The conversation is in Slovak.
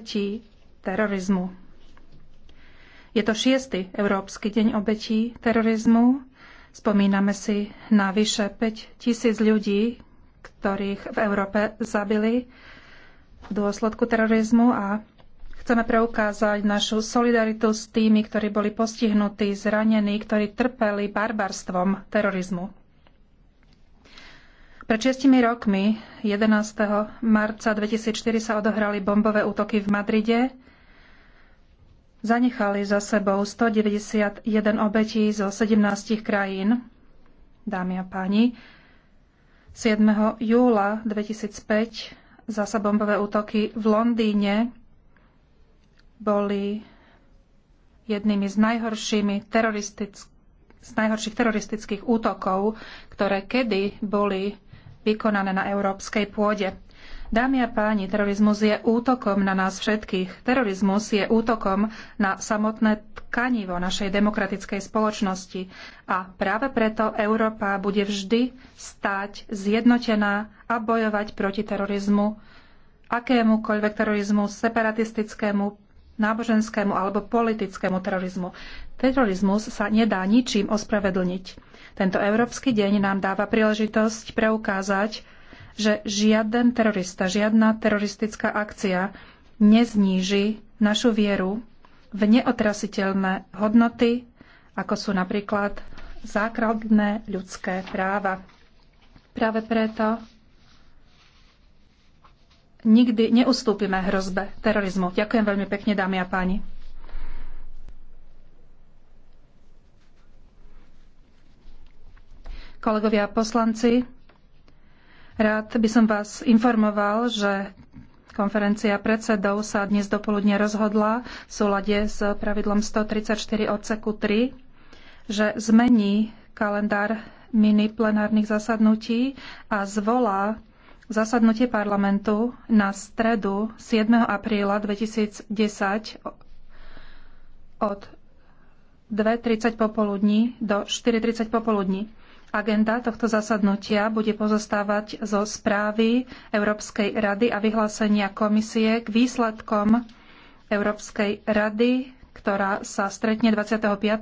obetí terorizmu. Je to šiestý Európsky deň obetí terorizmu. Spomíname si na vyše 5 tisíc ľudí, ktorých v Európe zabili v dôsledku terorizmu a chceme preukázať našu solidaritu s tými, ktorí boli postihnutí, zranení, ktorí trpeli barbarstvom terorizmu. Pred šestimi rokmi, 11. marca 2004, sa odohrali bombové útoky v Madride. Zanechali za sebou 191 obetí zo 17 krajín. Dámy a páni, 7. júla 2005 zasa bombové útoky v Londýne boli jednými z, najhoršími teroristick- z najhorších teroristických útokov, ktoré kedy boli vykonané na európskej pôde. Dámy a páni, terorizmus je útokom na nás všetkých. Terorizmus je útokom na samotné tkanivo našej demokratickej spoločnosti. A práve preto Európa bude vždy stáť zjednotená a bojovať proti terorizmu, akémukoľvek terorizmu, separatistickému, náboženskému alebo politickému terorizmu. Terorizmus sa nedá ničím ospravedlniť. Tento Európsky deň nám dáva príležitosť preukázať, že žiaden terorista, žiadna teroristická akcia nezníži našu vieru v neotrasiteľné hodnoty, ako sú napríklad základné ľudské práva. Práve preto nikdy neustúpime hrozbe terorizmu. Ďakujem veľmi pekne, dámy a páni. kolegovia poslanci. Rád by som vás informoval, že konferencia predsedov sa dnes dopoludne rozhodla v súlade s pravidlom 134 odseku 3, že zmení kalendár mini plenárnych zasadnutí a zvolá zasadnutie parlamentu na stredu 7. apríla 2010 od 2.30 popoludní do 4.30 popoludní. Agenda tohto zasadnutia bude pozostávať zo správy Európskej rady a vyhlásenia komisie k výsledkom Európskej rady, ktorá sa stretne 25.